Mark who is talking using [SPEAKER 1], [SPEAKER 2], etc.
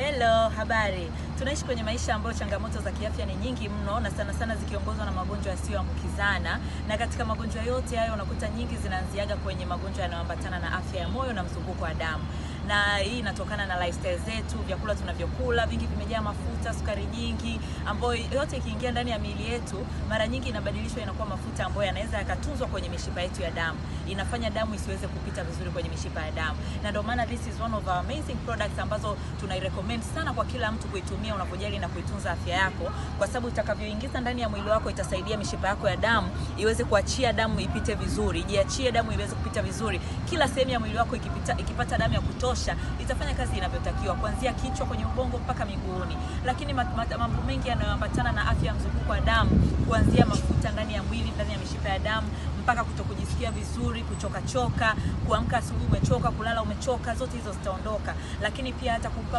[SPEAKER 1] Hello, habari. Tunaishi kwenye maisha ambayo changamoto za kiafya ni nyingi mno na sana sana zikiongozwa na magonjwa yasiyoambukizana, na katika magonjwa yote hayo unakuta nyingi zinaanziaga kwenye magonjwa yanayoambatana na afya ya moyo na mzunguko wa damu na hii inatokana na lifestyle zetu, vyakula tunavyokula vingi vimejaa mafuta, sukari nyingi, ambayo yote ikiingia ndani ya miili yetu mara nyingi inabadilishwa inakuwa mafuta ambayo yanaweza yakatunzwa kwenye mishipa yetu ya damu, inafanya damu isiweze kupita vizuri kwenye mishipa ya damu, na ndio maana this is one of our amazing products ambazo tunairecommend sana kwa kila mtu kuitumia unapojali na kuitunza afya yako, kwa sababu itakavyoingiza ndani ya mwili wako itasaidia mishipa yako ya damu iweze kuachia damu ipite vizuri, jiachie damu iweze kupita vizuri. Kila sehemu ya mwili wako ikipita, ikipata damu ya kutosha kutosha itafanya kazi inavyotakiwa kuanzia kichwa kwenye ubongo mpaka miguuni. Lakini mambo mengi yanayoambatana na afya ya mzunguko wa damu, kuanzia mafuta ndani ya mwili, ndani ya mishipa ya damu mpaka kutokujisikia vizuri, kuchokachoka, kuamka asubuhi umechoka, kulala umechoka, zote hizo zitaondoka, lakini pia hata kumpa